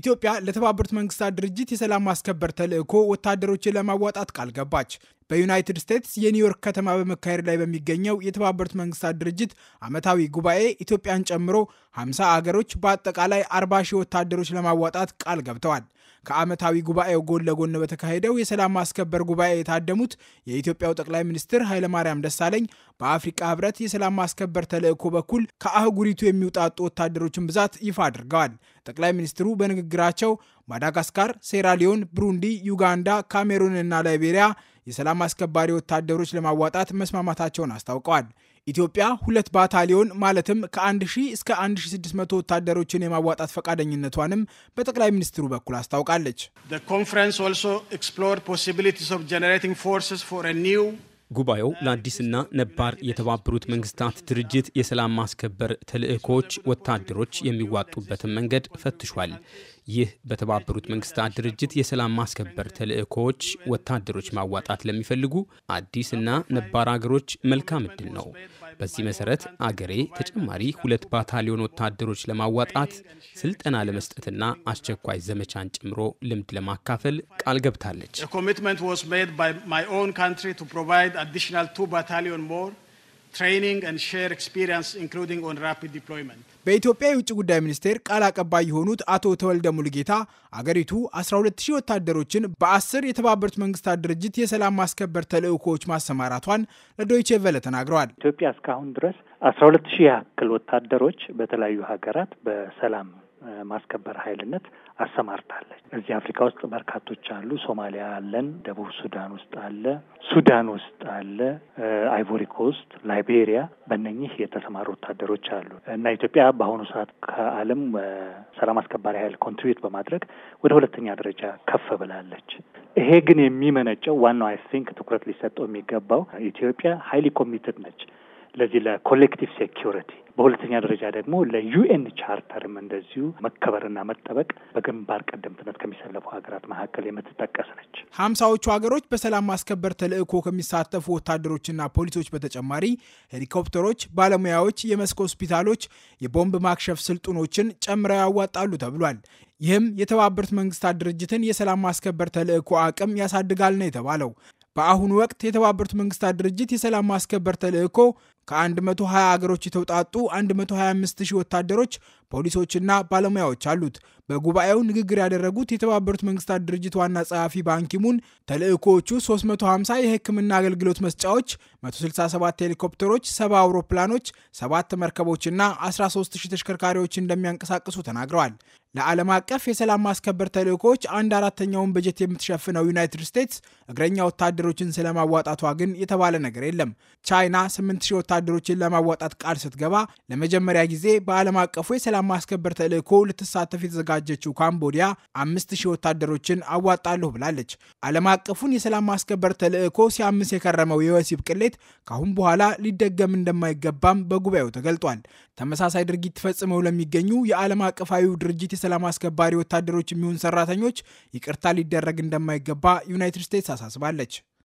ኢትዮጵያ ለተባበሩት መንግስታት ድርጅት የሰላም ማስከበር ተልዕኮ ወታደሮችን ለማዋጣት ቃል ገባች። በዩናይትድ ስቴትስ የኒውዮርክ ከተማ በመካሄድ ላይ በሚገኘው የተባበሩት መንግስታት ድርጅት ዓመታዊ ጉባኤ ኢትዮጵያን ጨምሮ 50 አገሮች በአጠቃላይ 40 ሺህ ወታደሮች ለማዋጣት ቃል ገብተዋል። ከዓመታዊ ጉባኤው ጎን ለጎን በተካሄደው የሰላም ማስከበር ጉባኤ የታደሙት የኢትዮጵያው ጠቅላይ ሚኒስትር ኃይለማርያም ደሳለኝ በአፍሪቃ ህብረት የሰላም ማስከበር ተልእኮ በኩል ከአህጉሪቱ የሚውጣጡ ወታደሮችን ብዛት ይፋ አድርገዋል። ጠቅላይ ሚኒስትሩ በንግግራቸው ማዳጋስካር፣ ሴራሊዮን፣ ብሩንዲ፣ ዩጋንዳ፣ ካሜሩን እና ላይቤሪያ የሰላም አስከባሪ ወታደሮች ለማዋጣት መስማማታቸውን አስታውቀዋል። ኢትዮጵያ ሁለት ባታሊዮን ማለትም ከ1000 እስከ 1600 ወታደሮችን የማዋጣት ፈቃደኝነቷንም በጠቅላይ ሚኒስትሩ በኩል አስታውቃለች። ጉባኤው ለአዲስና ነባር የተባበሩት መንግስታት ድርጅት የሰላም ማስከበር ተልእኮዎች ወታደሮች የሚዋጡበትን መንገድ ፈትሿል። ይህ በተባበሩት መንግስታት ድርጅት የሰላም ማስከበር ተልእኮዎች ወታደሮች ማዋጣት ለሚፈልጉ አዲስ እና ነባር አገሮች መልካም እድል ነው። በዚህ መሰረት አገሬ ተጨማሪ ሁለት ባታሊዮን ወታደሮች ለማዋጣት ስልጠና ለመስጠትና አስቸኳይ ዘመቻን ጨምሮ ልምድ ለማካፈል ቃል ገብታለች። ትሬኒንግ ኤንድ ሼር ኤክስፒሪየንስ ኢንክሉዲንግ ኦን ራፒድ ዲፕሎይመንት በኢትዮጵያ የውጭ ጉዳይ ሚኒስቴር ቃል አቀባይ የሆኑት አቶ ተወልደ ሙልጌታ አገሪቱ 12 ወታደሮችን በአስር የተባበሩት መንግስታት ድርጅት የሰላም ማስከበር ተልእኮዎች ማሰማራቷን ለዶይቼ ቨለ ተናግረዋል። ኢትዮጵያ እስካሁን ድረስ 120 ያክል ወታደሮች በተለያዩ ሀገራት በሰላም ማስከበር ኃይልነት አሰማርታለች። እዚህ አፍሪካ ውስጥ በርካቶች አሉ። ሶማሊያ አለን፣ ደቡብ ሱዳን ውስጥ አለ፣ ሱዳን ውስጥ አለ፣ አይቮሪ ኮስት፣ ላይቤሪያ በእነኚህ የተሰማሩ ወታደሮች አሉ እና ኢትዮጵያ በአሁኑ ሰዓት ከዓለም ሰላም አስከባሪ ኃይል ኮንትሪቢዩት በማድረግ ወደ ሁለተኛ ደረጃ ከፍ ብላለች። ይሄ ግን የሚመነጨው ዋናው አይ ቲንክ ትኩረት ሊሰጠው የሚገባው ኢትዮጵያ ሀይሊ ኮሚትድ ነች ለዚህ ለኮሌክቲቭ ሴኪሪቲ በሁለተኛ ደረጃ ደግሞ ለዩኤን ቻርተርም እንደዚሁ መከበርና መጠበቅ በግንባር ቀደምትነት ከሚሰለፉ ሀገራት መካከል የምትጠቀስ ነች። ሀምሳዎቹ ሀገሮች በሰላም ማስከበር ተልዕኮ ከሚሳተፉ ወታደሮችና ፖሊሶች በተጨማሪ ሄሊኮፕተሮች፣ ባለሙያዎች፣ የመስክ ሆስፒታሎች፣ የቦምብ ማክሸፍ ስልጡኖችን ጨምረው ያዋጣሉ ተብሏል። ይህም የተባበሩት መንግስታት ድርጅትን የሰላም ማስከበር ተልዕኮ አቅም ያሳድጋል ነው የተባለው። በአሁኑ ወቅት የተባበሩት መንግስታት ድርጅት የሰላም ማስከበር ተልእኮ ከ120 አገሮች የተውጣጡ 125 ሺህ ወታደሮች፣ ፖሊሶችና ባለሙያዎች አሉት። በጉባኤው ንግግር ያደረጉት የተባበሩት መንግስታት ድርጅት ዋና ጸሐፊ ባንኪሙን ተልእኮዎቹ 350 የሕክምና አገልግሎት መስጫዎች፣ 167 ሄሊኮፕተሮች፣ 70 አውሮፕላኖች፣ 7 መርከቦችና 13000 ተሽከርካሪዎች እንደሚያንቀሳቅሱ ተናግረዋል። ለዓለም አቀፍ የሰላም ማስከበር ተልእኮዎች አንድ አራተኛውን በጀት የምትሸፍነው ዩናይትድ ስቴትስ እግረኛ ወታደሮችን ስለማዋጣቷ ግን የተባለ ነገር የለም። ቻይና 8 ወታደሮችን ለማዋጣት ቃል ስትገባ ለመጀመሪያ ጊዜ በዓለም አቀፉ የሰላም ማስከበር ተልዕኮ ልትሳተፍ የተዘጋጀችው ካምቦዲያ አምስት ሺህ ወታደሮችን አዋጣለሁ ብላለች። ዓለም አቀፉን የሰላም ማስከበር ተልዕኮ ሲያምስ የከረመው የወሲብ ቅሌት ካሁን በኋላ ሊደገም እንደማይገባም በጉባኤው ተገልጧል። ተመሳሳይ ድርጊት ፈጽመው ለሚገኙ የዓለም አቀፋዊው ድርጅት የሰላም አስከባሪ ወታደሮች የሚሆን ሰራተኞች ይቅርታ ሊደረግ እንደማይገባ ዩናይትድ ስቴትስ አሳስባለች።